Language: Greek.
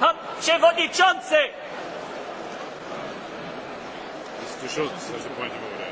Pan Przewodniczący! Jest tu szut, proszę Pani